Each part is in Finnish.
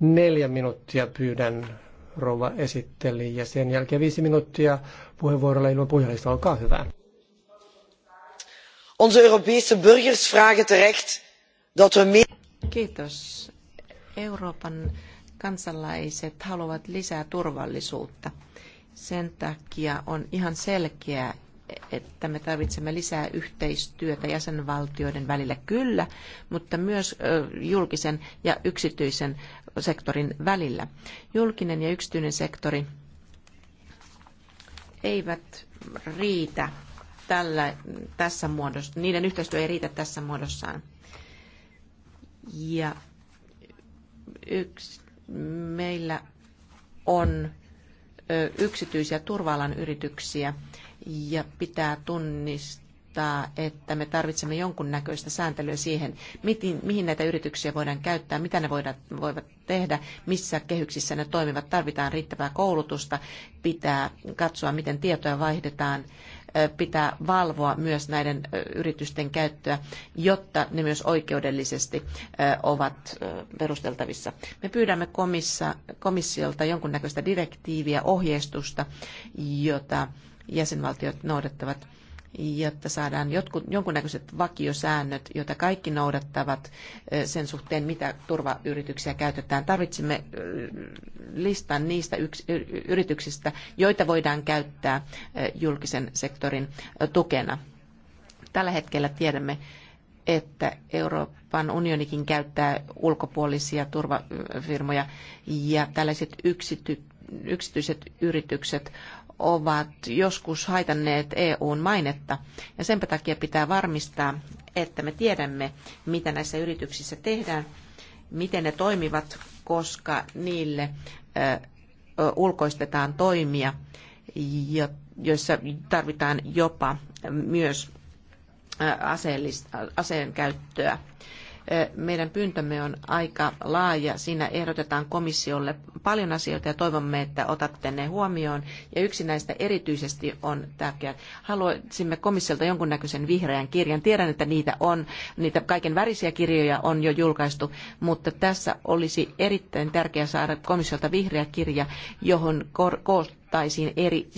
Neljä minuuttia pyydän rouva esitteli ja sen jälkeen viisi minuuttia puheenvuorolla ilman puhujalista. Olkaa hyvä. Onze Europese burgers vragen terecht dat we meer... Kiitos. Euroopan kansalaiset haluavat lisää turvallisuutta. Sen takia on ihan selkeää, että me tarvitsemme lisää yhteistyötä jäsenvaltioiden välillä kyllä, mutta myös julkisen ja yksityisen sektorin välillä. Julkinen ja yksityinen sektori eivät riitä tällä, tässä muodossa, niiden yhteistyö ei riitä tässä muodossaan. Ja yksi, meillä on yksityisiä turvaalan yrityksiä, ja pitää tunnistaa, että me tarvitsemme jonkun näköistä sääntelyä siihen, mihin, mihin näitä yrityksiä voidaan käyttää, mitä ne voidaan, voivat tehdä, missä kehyksissä ne toimivat. Tarvitaan riittävää koulutusta, pitää katsoa, miten tietoja vaihdetaan, pitää valvoa myös näiden yritysten käyttöä, jotta ne myös oikeudellisesti ovat perusteltavissa. Me pyydämme komissiolta jonkunnäköistä direktiiviä, ohjeistusta, jota jäsenvaltiot noudattavat, jotta saadaan jotkut, jonkunnäköiset vakiosäännöt, joita kaikki noudattavat sen suhteen, mitä turvayrityksiä käytetään. Tarvitsemme listan niistä yks, yrityksistä, joita voidaan käyttää julkisen sektorin tukena. Tällä hetkellä tiedämme, että Euroopan unionikin käyttää ulkopuolisia turvafirmoja ja tällaiset yksity, yksityiset yritykset ovat joskus haitanneet EUn mainetta. Ja sen takia pitää varmistaa, että me tiedämme, mitä näissä yrityksissä tehdään, miten ne toimivat, koska niille ulkoistetaan toimia, joissa tarvitaan jopa myös aseen käyttöä meidän pyyntömme on aika laaja. Siinä ehdotetaan komissiolle paljon asioita ja toivomme, että otatte ne huomioon. Ja yksi näistä erityisesti on tärkeä. Haluaisimme komissiolta jonkunnäköisen vihreän kirjan. Tiedän, että niitä on, niitä kaiken värisiä kirjoja on jo julkaistu, mutta tässä olisi erittäin tärkeää saada komissiolta vihreä kirja, johon kor- otettaisiin eri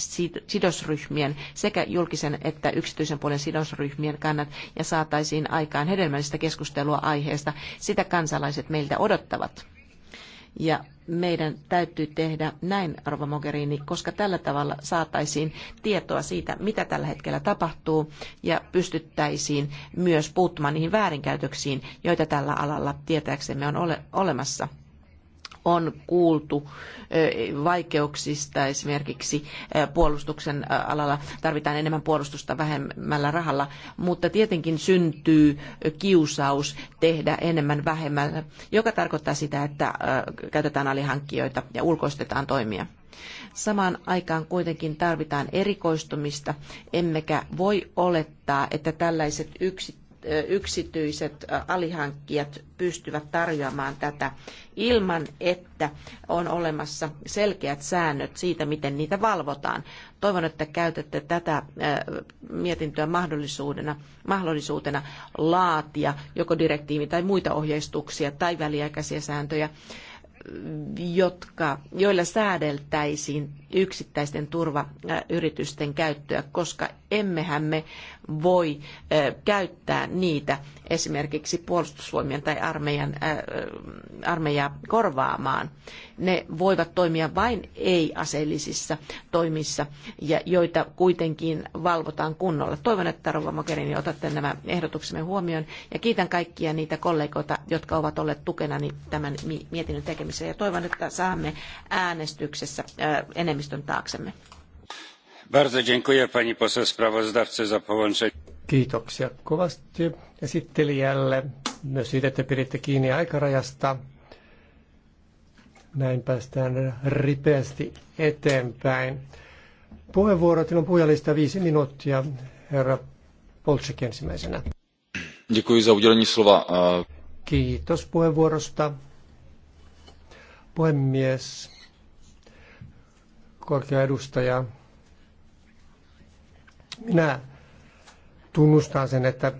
sidosryhmien sekä julkisen että yksityisen puolen sidosryhmien kannat ja saataisiin aikaan hedelmällistä keskustelua aiheesta. Sitä kansalaiset meiltä odottavat. Ja meidän täytyy tehdä näin, Arvo Mogherini, koska tällä tavalla saataisiin tietoa siitä, mitä tällä hetkellä tapahtuu, ja pystyttäisiin myös puuttumaan niihin väärinkäytöksiin, joita tällä alalla tietääksemme on ole, olemassa on kuultu vaikeuksista esimerkiksi puolustuksen alalla. Tarvitaan enemmän puolustusta vähemmällä rahalla, mutta tietenkin syntyy kiusaus tehdä enemmän vähemmällä, joka tarkoittaa sitä, että käytetään alihankkijoita ja ulkoistetaan toimia. Samaan aikaan kuitenkin tarvitaan erikoistumista, emmekä voi olettaa, että tällaiset yksittäiset yksityiset alihankkijat pystyvät tarjoamaan tätä ilman, että on olemassa selkeät säännöt siitä, miten niitä valvotaan. Toivon, että käytätte tätä mietintöä mahdollisuutena, mahdollisuutena laatia joko direktiivi tai muita ohjeistuksia tai väliaikaisia sääntöjä, jotka, joilla säädeltäisiin yksittäisten turvayritysten käyttöä, koska emmehän me voi käyttää niitä esimerkiksi puolustusvoimien tai armeijan, armeijaa korvaamaan. Ne voivat toimia vain ei-aseellisissa toimissa, ja joita kuitenkin valvotaan kunnolla. Toivon, että Rova Mogherini otatte nämä ehdotuksemme huomioon, ja kiitän kaikkia niitä kollegoita, jotka ovat olleet tukenani tämän mietinnön tekemisessä, ja toivon, että saamme äänestyksessä enemmän enemmistön taaksemme. Bardzo dziękuję pani poseł sprawozdawcy za połączenie. Kiitoksia kovasti esittelijälle myös siitä, että piditte kiinni aikarajasta. Näin päästään ripeästi eteenpäin. Puheenvuoro, on puhujalista viisi minuuttia. Herra Polczyk ensimmäisenä. za Kiitos puheenvuorosta. Puhemies, korkea edustaja. Minä tunnustan sen, että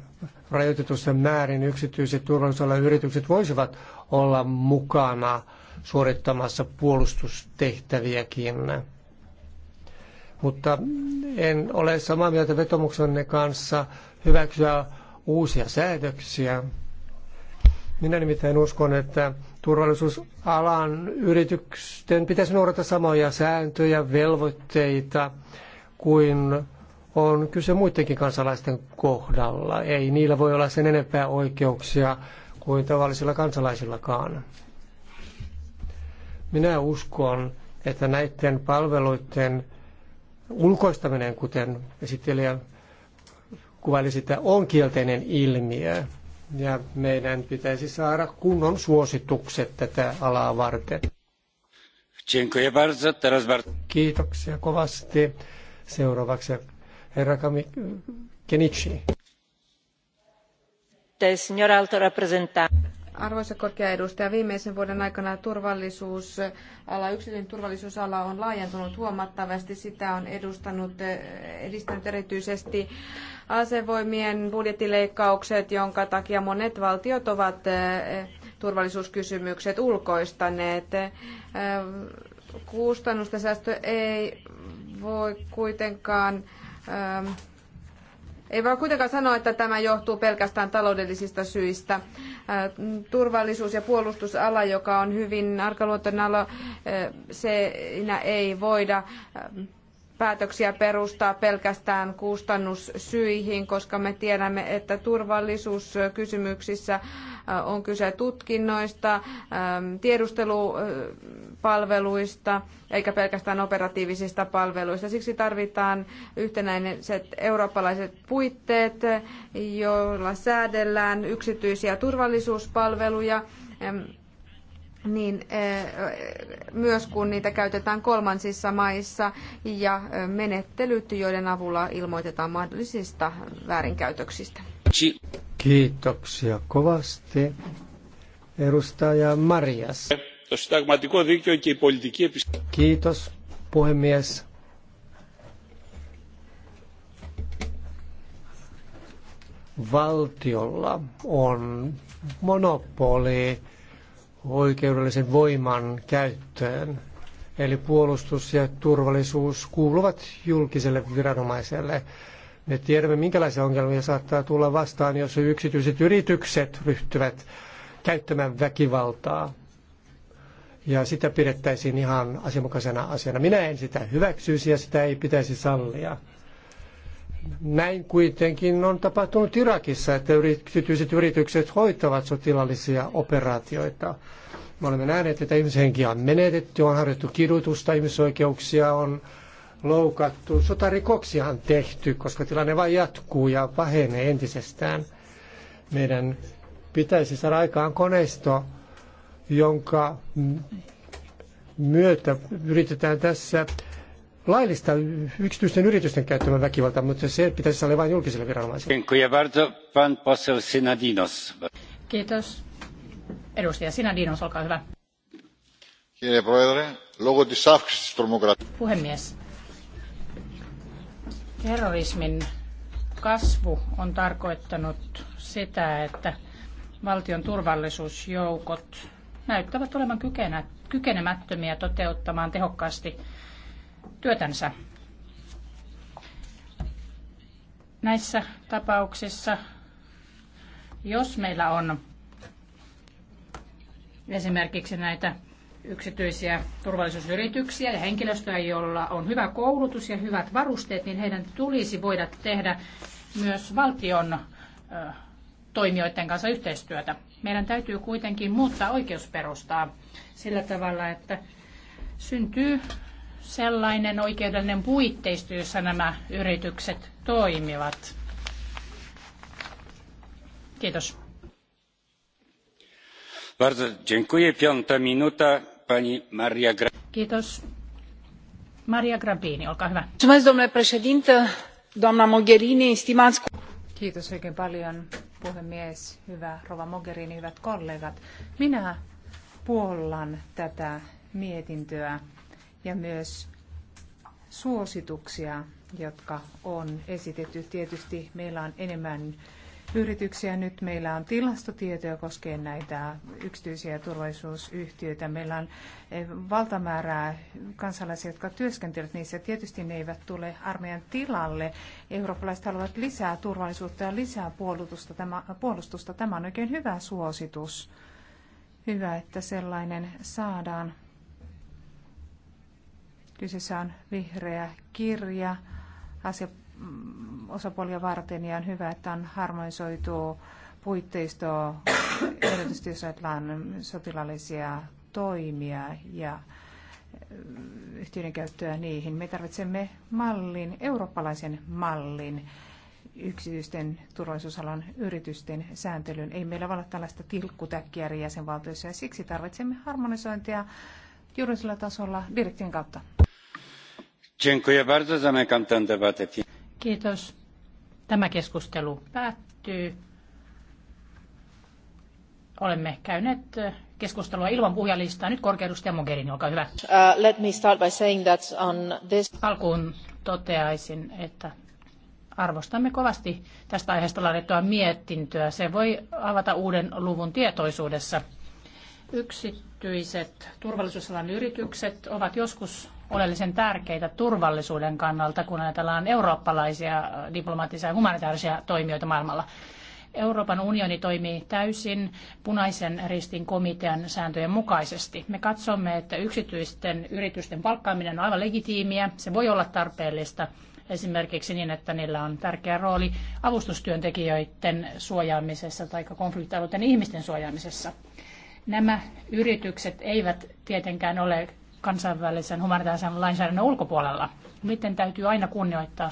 rajoitetussa määrin yksityiset turvallisuusalan yritykset voisivat olla mukana suorittamassa puolustustehtäviäkin. Mutta en ole samaa mieltä vetomuksenne kanssa hyväksyä uusia säädöksiä. Minä nimittäin uskon, että turvallisuusalan yritysten pitäisi noudata samoja sääntöjä, velvoitteita kuin on kyse muidenkin kansalaisten kohdalla. Ei niillä voi olla sen enempää oikeuksia kuin tavallisilla kansalaisillakaan. Minä uskon, että näiden palveluiden ulkoistaminen, kuten esittelijä kuvaili sitä, on kielteinen ilmiö. Ja meidän pitäisi saada kunnon suositukset tätä alaa varten. Kiitoksia kovasti. Seuraavaksi herra Kami Kenichi. Signor alto rappresentante. Arvoisa korkea edustaja, viimeisen vuoden aikana turvallisuusala, yksityinen turvallisuusala on laajentunut huomattavasti. Sitä on edustanut, edistänyt erityisesti asevoimien budjettileikkaukset, jonka takia monet valtiot ovat eh, turvallisuuskysymykset ulkoistaneet. Eh, kustannusten säästö ei voi kuitenkaan eh, ei voi kuitenkaan sanoa, että tämä johtuu pelkästään taloudellisista syistä. Äh, turvallisuus- ja puolustusala, joka on hyvin arkaluontoinen ala, äh, se ei voida äh, päätöksiä perustaa pelkästään kustannussyihin, koska me tiedämme, että turvallisuuskysymyksissä äh, on kyse tutkinnoista, ähm, tiedustelupalveluista, eikä pelkästään operatiivisista palveluista. Siksi tarvitaan yhtenäiset eurooppalaiset puitteet, joilla säädellään yksityisiä turvallisuuspalveluja niin eh, myös kun niitä käytetään kolmansissa maissa ja eh, menettelyt, joiden avulla ilmoitetaan mahdollisista väärinkäytöksistä. Kiitoksia kovasti. Edustaja Marias. Kiitos puhemies. Valtiolla on monopoli oikeudellisen voiman käyttöön. Eli puolustus ja turvallisuus kuuluvat julkiselle viranomaiselle. Me tiedämme, minkälaisia ongelmia saattaa tulla vastaan, jos yksityiset yritykset ryhtyvät käyttämään väkivaltaa. Ja sitä pidettäisiin ihan asianmukaisena asiana. Minä en sitä hyväksyisi ja sitä ei pitäisi sallia. Näin kuitenkin on tapahtunut Irakissa, että yksityiset yritykset hoitavat sotilaallisia operaatioita. Me olemme nähneet, että ihmishenkiä on menetetty, on harjoitettu kidutusta, ihmisoikeuksia on loukattu, sotarikoksia on tehty, koska tilanne vain jatkuu ja pahenee entisestään. Meidän pitäisi saada aikaan koneisto, jonka myötä yritetään tässä laillista yksityisten yritysten käyttämä väkivalta, mutta se pitäisi olla vain julkisille viranomaisille. Kiitos. Edustaja Sinadinos, olkaa hyvä. Puhemies. Terrorismin kasvu on tarkoittanut sitä, että valtion turvallisuusjoukot näyttävät olevan kykenemättömiä toteuttamaan tehokkaasti työtänsä. Näissä tapauksissa, jos meillä on esimerkiksi näitä yksityisiä turvallisuusyrityksiä ja henkilöstöä, jolla on hyvä koulutus ja hyvät varusteet, niin heidän tulisi voida tehdä myös valtion toimijoiden kanssa yhteistyötä. Meidän täytyy kuitenkin muuttaa oikeusperustaa sillä tavalla, että syntyy sellainen oikeudellinen puitteisto, jossa nämä yritykset toimivat. Kiitos. Bardzo dziękuję. Piąta minuta, pani Maria Gra... Kiitos. Maria Grabini, olkaa hyvä. Domnule președinte, doamna Mogherini, stimați... Kiitos oikein paljon, puhemies, hyvä Rova Mogherini, hyvät kollegat. Minä puollan tätä mietintöä ja myös suosituksia, jotka on esitetty. Tietysti meillä on enemmän yrityksiä. Nyt meillä on tilastotietoja koskien näitä yksityisiä turvallisuusyhtiöitä. Meillä on eh, valtamäärää kansalaisia, jotka työskentelevät niissä. Tietysti ne eivät tule armeijan tilalle. Eurooppalaiset haluavat lisää turvallisuutta ja lisää puolustusta. Tämä, puolustusta. Tämä on oikein hyvä suositus. Hyvä, että sellainen saadaan Kyseessä on vihreä kirja asia, mm, osapuolia varten ja on hyvä, että on harmonisoitu puitteisto, erityisesti jos ajatellaan sotilaallisia toimia ja mm, yhtiöiden käyttöä niihin. Me tarvitsemme mallin, eurooppalaisen mallin yksityisten turvallisuusalan yritysten sääntelyyn Ei meillä voi olla tällaista tilkkutäkkiä eri jäsenvaltioissa ja siksi tarvitsemme harmonisointia juridisella tasolla direktin kautta. Kiitos. Tämä keskustelu päättyy. Olemme käyneet eh, keskustelua ilman puhujalistaa. Nyt korkeudustaja Mogherini, olkaa hyvä. Uh, let me start by saying that on this... Alkuun toteaisin, että arvostamme kovasti tästä aiheesta laadittua mietintöä. Se voi avata uuden luvun tietoisuudessa. Yksityiset turvallisuusalan yritykset ovat joskus oleellisen tärkeitä turvallisuuden kannalta, kun ajatellaan eurooppalaisia diplomaattisia ja humanitaarisia toimijoita maailmalla. Euroopan unioni toimii täysin punaisen ristin komitean sääntöjen mukaisesti. Me katsomme, että yksityisten yritysten palkkaaminen on aivan legitiimiä. Se voi olla tarpeellista esimerkiksi niin, että niillä on tärkeä rooli avustustyöntekijöiden suojaamisessa tai konfliktialueiden ihmisten suojaamisessa. Nämä yritykset eivät tietenkään ole kansainvälisen humanitaarisen lainsäädännön ulkopuolella. Miten täytyy aina kunnioittaa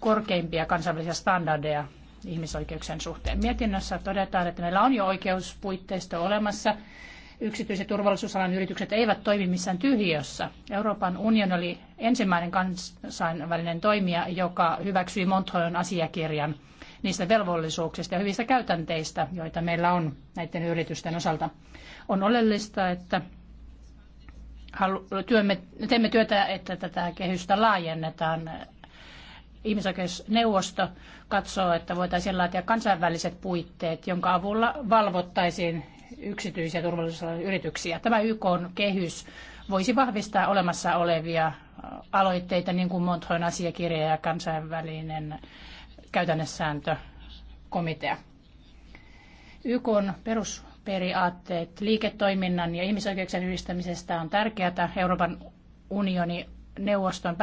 korkeimpia kansainvälisiä standardeja ihmisoikeuksien suhteen. Mietinnössä todetaan, että meillä on jo oikeuspuitteisto olemassa. Yksityiset turvallisuusalan yritykset eivät toimi missään tyhjiössä. Euroopan unioni oli ensimmäinen kansainvälinen toimija, joka hyväksyi Montreux'n asiakirjan – niistä velvollisuuksista ja hyvistä käytänteistä, joita meillä on näiden yritysten osalta. On oleellista, että teemme työtä, että tätä kehystä laajennetaan. Ihmisoikeusneuvosto katsoo, että voitaisiin laatia kansainväliset puitteet, jonka avulla valvottaisiin yksityisiä turvallisuusalan yrityksiä. Tämä YK on kehys voisi vahvistaa olemassa olevia aloitteita, niin kuin Montrön asiakirja ja kansainvälinen käytännössääntökomitea. YK on perusperiaatteet liiketoiminnan ja ihmisoikeuksien yhdistämisestä on tärkeää. Euroopan unioni neuvoston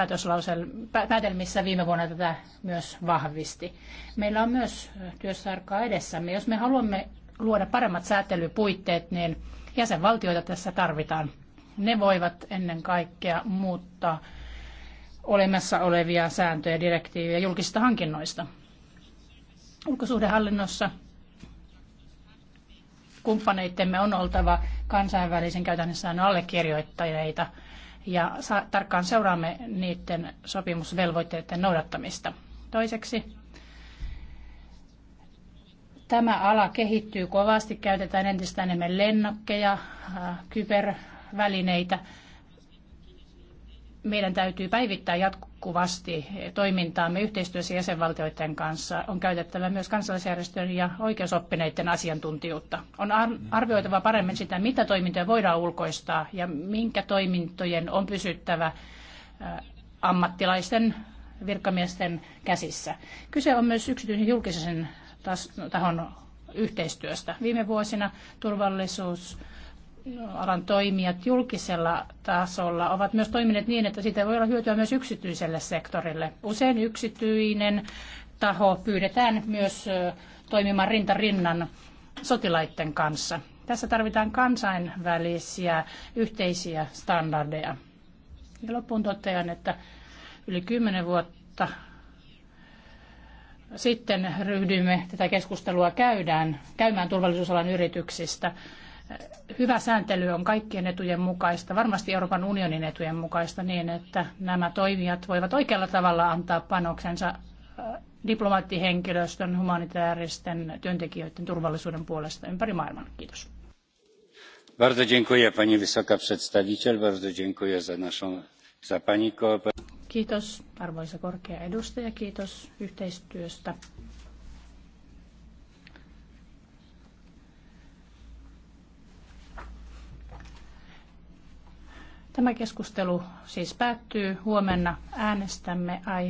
päätelmissä viime vuonna tätä myös vahvisti. Meillä on myös työsarkaa edessämme. Jos me haluamme luoda paremmat säätelypuitteet, niin jäsenvaltioita tässä tarvitaan. Ne voivat ennen kaikkea muuttaa olemassa olevia sääntöjä, direktiivejä julkisista hankinnoista. Ulkosuhdehallinnossa kumppaneittemme on oltava kansainvälisen käytännön säännön allekirjoittaneita ja tarkkaan seuraamme niiden sopimusvelvoitteiden noudattamista. Toiseksi tämä ala kehittyy kovasti, käytetään entistä enemmän lennokkeja, kybervälineitä – meidän täytyy päivittää jatkuvasti toimintaamme yhteistyössä jäsenvaltioiden kanssa. On käytettävä myös kansalaisjärjestöjen ja oikeusoppineiden asiantuntijuutta. On arvioitava paremmin sitä, mitä toimintoja voidaan ulkoistaa ja minkä toimintojen on pysyttävä ammattilaisten virkamiesten käsissä. Kyse on myös yksityisen julkisen tahon yhteistyöstä. Viime vuosina turvallisuus alan toimijat julkisella tasolla ovat myös toimineet niin, että siitä voi olla hyötyä myös yksityiselle sektorille. Usein yksityinen taho pyydetään myös toimimaan rintarinnan sotilaiden kanssa. Tässä tarvitaan kansainvälisiä yhteisiä standardeja. Ja loppuun totean, että yli kymmenen vuotta sitten ryhdyimme tätä keskustelua käydään, käymään turvallisuusalan yrityksistä hyvä sääntely on kaikkien etujen mukaista, varmasti Euroopan unionin etujen mukaista niin, että nämä toimijat voivat oikealla tavalla antaa panoksensa äh, diplomaattihenkilöstön, humanitaaristen työntekijöiden turvallisuuden puolesta ympäri maailman. Kiitos. Bardzo dziękuję pani wysoka przedstawiciel, bardzo dziękuję za naszą za pani Kiitos arvoisa korkea edustaja, kiitos yhteistyöstä. Tämä keskustelu siis päättyy. Huomenna äänestämme ai